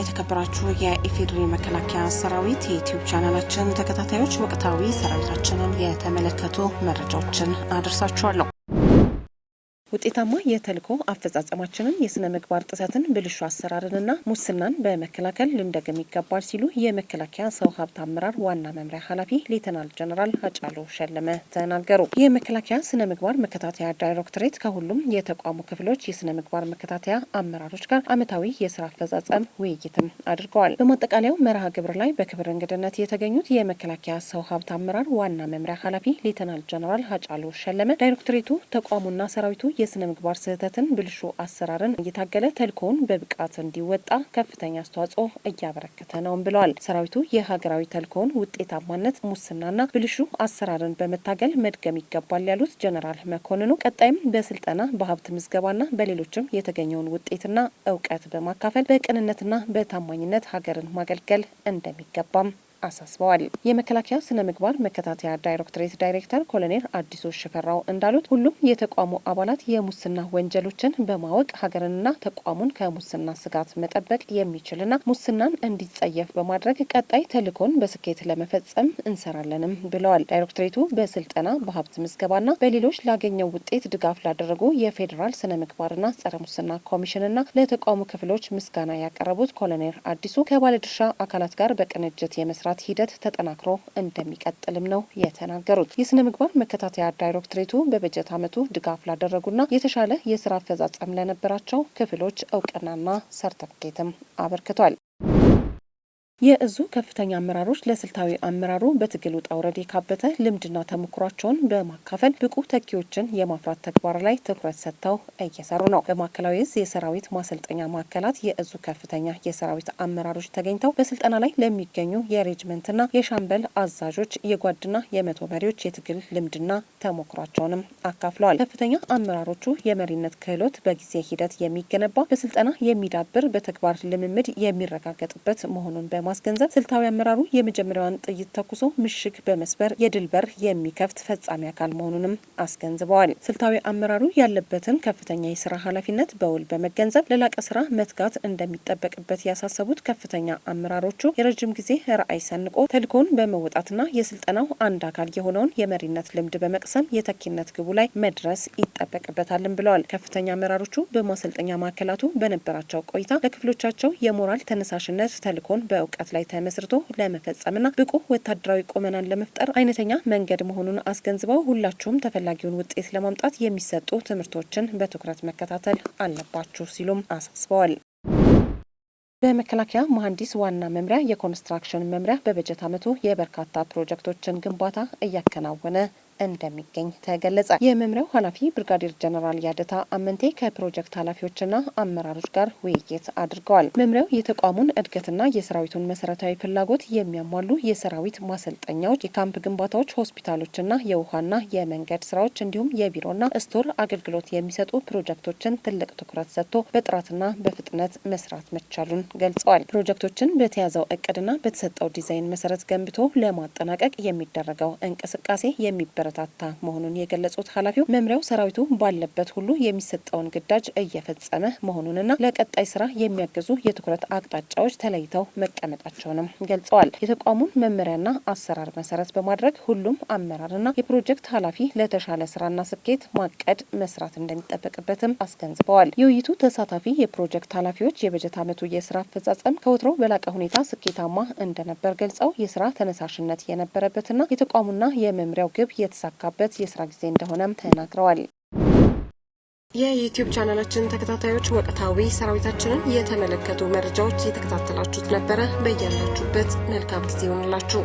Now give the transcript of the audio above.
የተከበራችሁ የኢፌዴሪ መከላከያ ሰራዊት የዩትዩብ ቻናላችን ተከታታዮች ወቅታዊ ሰራዊታችንን የተመለከቱ መረጃዎችን አድርሳችኋለሁ ውጤታማ የተልኮ አፈጻጸማችንን የስነ ምግባር ጥሰትን፣ ብልሹ አሰራርንና ሙስናን በመከላከል ልንደግም ይገባል ሲሉ የመከላከያ ሰው ሀብት አመራር ዋና መምሪያ ኃላፊ ሌተናል ጀነራል አጫሎ ሸለመ ተናገሩ። የመከላከያ ስነ ምግባር መከታተያ ዳይሬክቶሬት ከሁሉም የተቋሙ ክፍሎች የስነ ምግባር መከታተያ አመራሮች ጋር ዓመታዊ የስራ አፈጻጸም ውይይትም አድርገዋል። በማጠቃለያው መርሃ ግብር ላይ በክብር እንግድነት የተገኙት የመከላከያ ሰው ሀብት አመራር ዋና መምሪያ ኃላፊ ሌተናል ጀነራል አጫሎ ሸለመ ዳይሬክቶሬቱ ተቋሙና ሰራዊቱ የስነ ምግባር ስህተትን፣ ብልሹ አሰራርን እየታገለ ተልኮውን በብቃት እንዲወጣ ከፍተኛ አስተዋጽኦ እያበረከተ ነውም ብለዋል። ሰራዊቱ የሀገራዊ ተልኮውን ውጤታማነት፣ ሙስናና ብልሹ አሰራርን በመታገል መድገም ይገባል ያሉት ጀነራል መኮንኑ ቀጣይም በስልጠና በሀብት ምዝገባና በሌሎችም የተገኘውን ውጤትና እውቀት በማካፈል በቅንነትና በታማኝነት ሀገርን ማገልገል እንደሚገባም አሳስበዋል። የመከላከያ ስነ ምግባር መከታተያ ዳይሬክቶሬት ዳይሬክተር ኮሎኔል አዲሱ ሽፈራው እንዳሉት ሁሉም የተቋሙ አባላት የሙስና ወንጀሎችን በማወቅ ሀገርንና ተቋሙን ከሙስና ስጋት መጠበቅ የሚችልና ሙስናን እንዲጸየፍ በማድረግ ቀጣይ ተልዕኮን በስኬት ለመፈጸም እንሰራለንም ብለዋል። ዳይሬክቶሬቱ በስልጠና በሀብት ምዝገባና በሌሎች ላገኘው ውጤት ድጋፍ ላደረጉ የፌዴራል ስነ ምግባርና ጸረ ሙስና ኮሚሽንና ለተቋሙ ክፍሎች ምስጋና ያቀረቡት ኮሎኔል አዲሱ ከባለድርሻ አካላት ጋር በቅንጅት የመስራት የመስራት ሂደት ተጠናክሮ እንደሚቀጥልም ነው የተናገሩት። የስነ ምግባር መከታተያ ዳይሬክቶሬቱ በበጀት ዓመቱ ድጋፍ ላደረጉና የተሻለ የስራ አፈጻጸም ለነበራቸው ክፍሎች እውቅናና ሰርተፍኬትም አበርክቷል። የእዙ ከፍተኛ አመራሮች ለስልታዊ አመራሩ በትግል ውጣ ውረድ የካበተ ልምድና ተሞክሯቸውን በማካፈል ብቁ ተኪዎችን የማፍራት ተግባር ላይ ትኩረት ሰጥተው እየሰሩ ነው። በማዕከላዊ እዝ የሰራዊት ማሰልጠኛ ማዕከላት የእዙ ከፍተኛ የሰራዊት አመራሮች ተገኝተው በስልጠና ላይ ለሚገኙ የሬጅመንትና የሻምበል አዛዦች የጓድና የመቶ መሪዎች የትግል ልምድና ተሞክሯቸውንም አካፍለዋል። ከፍተኛ አመራሮቹ የመሪነት ክህሎት በጊዜ ሂደት የሚገነባ በስልጠና የሚዳብር በተግባር ልምምድ የሚረጋገጥበት መሆኑን በ በማስገንዘብ ስልታዊ አመራሩ የመጀመሪያዋን ጥይት ተኩሶ ምሽግ በመስበር የድል በር የሚከፍት ፈጻሚ አካል መሆኑንም አስገንዝበዋል። ስልታዊ አመራሩ ያለበትን ከፍተኛ የስራ ኃላፊነት በውል በመገንዘብ ለላቀ ስራ መትጋት እንደሚጠበቅበት ያሳሰቡት ከፍተኛ አመራሮቹ የረጅም ጊዜ ራዕይ ሰንቆ ተልእኮውን በመወጣትና የስልጠናው አንድ አካል የሆነውን የመሪነት ልምድ በመቅሰም የተኪነት ግቡ ላይ መድረስ ይጠበቅበታልም ብለዋል። ከፍተኛ አመራሮቹ በማሰልጠኛ ማዕከላቱ በነበራቸው ቆይታ ለክፍሎቻቸው የሞራል ተነሳሽነት ተልእኮን በእውቀ ብቃት ላይ ተመስርቶ ለመፈጸምና ብቁ ወታደራዊ ቁመናን ለመፍጠር አይነተኛ መንገድ መሆኑን አስገንዝበው ሁላችሁም ተፈላጊውን ውጤት ለማምጣት የሚሰጡ ትምህርቶችን በትኩረት መከታተል አለባችሁ ሲሉም አሳስበዋል። በመከላከያ መሀንዲስ ዋና መምሪያ የኮንስትራክሽን መምሪያ በበጀት ዓመቱ የበርካታ ፕሮጀክቶችን ግንባታ እያከናወነ እንደሚገኝ ተገለጸ። የመምሪያው ኃላፊ ብርጋዴር ጀነራል ያደታ አመንቴ ከፕሮጀክት ኃላፊዎችና አመራሮች ጋር ውይይት አድርገዋል። መምሪያው የተቋሙን እድገትና የሰራዊቱን መሰረታዊ ፍላጎት የሚያሟሉ የሰራዊት ማሰልጠኛዎች፣ የካምፕ ግንባታዎች፣ ሆስፒታሎችና የውሃና የመንገድ ስራዎች እንዲሁም የቢሮና ስቶር አገልግሎት የሚሰጡ ፕሮጀክቶችን ትልቅ ትኩረት ሰጥቶ በጥራትና በፍጥነት መስራት መቻሉን ገልጸዋል። ፕሮጀክቶችን በተያዘው እቅድና በተሰጠው ዲዛይን መሰረት ገንብቶ ለማጠናቀቅ የሚደረገው እንቅስቃሴ የሚበ የሚያበረታታ መሆኑን የገለጹት ኃላፊው መምሪያው ሰራዊቱ ባለበት ሁሉ የሚሰጠውን ግዳጅ እየፈጸመ መሆኑንና ለቀጣይ ስራ የሚያግዙ የትኩረት አቅጣጫዎች ተለይተው መቀመጣቸውንም ገልጸዋል። የተቋሙን መመሪያና አሰራር መሰረት በማድረግ ሁሉም አመራርና የፕሮጀክት ኃላፊ ለተሻለ ስራና ስኬት ማቀድ መስራት እንደሚጠበቅበትም አስገንዝበዋል። የውይይቱ ተሳታፊ የፕሮጀክት ኃላፊዎች የበጀት ዓመቱ የስራ አፈጻጸም ከወትሮ በላቀ ሁኔታ ስኬታማ እንደነበር ገልጸው የስራ ተነሳሽነት የነበረበትና የተቋሙና የመምሪያው ግብ የተ የተሳካበት የስራ ጊዜ እንደሆነም ተናግረዋል። የዩቲዩብ ቻናላችን ተከታታዮች ወቅታዊ ሰራዊታችንን የተመለከቱ መረጃዎች የተከታተላችሁት ነበረ። በያላችሁበት መልካም ጊዜ ይሆንላችሁ።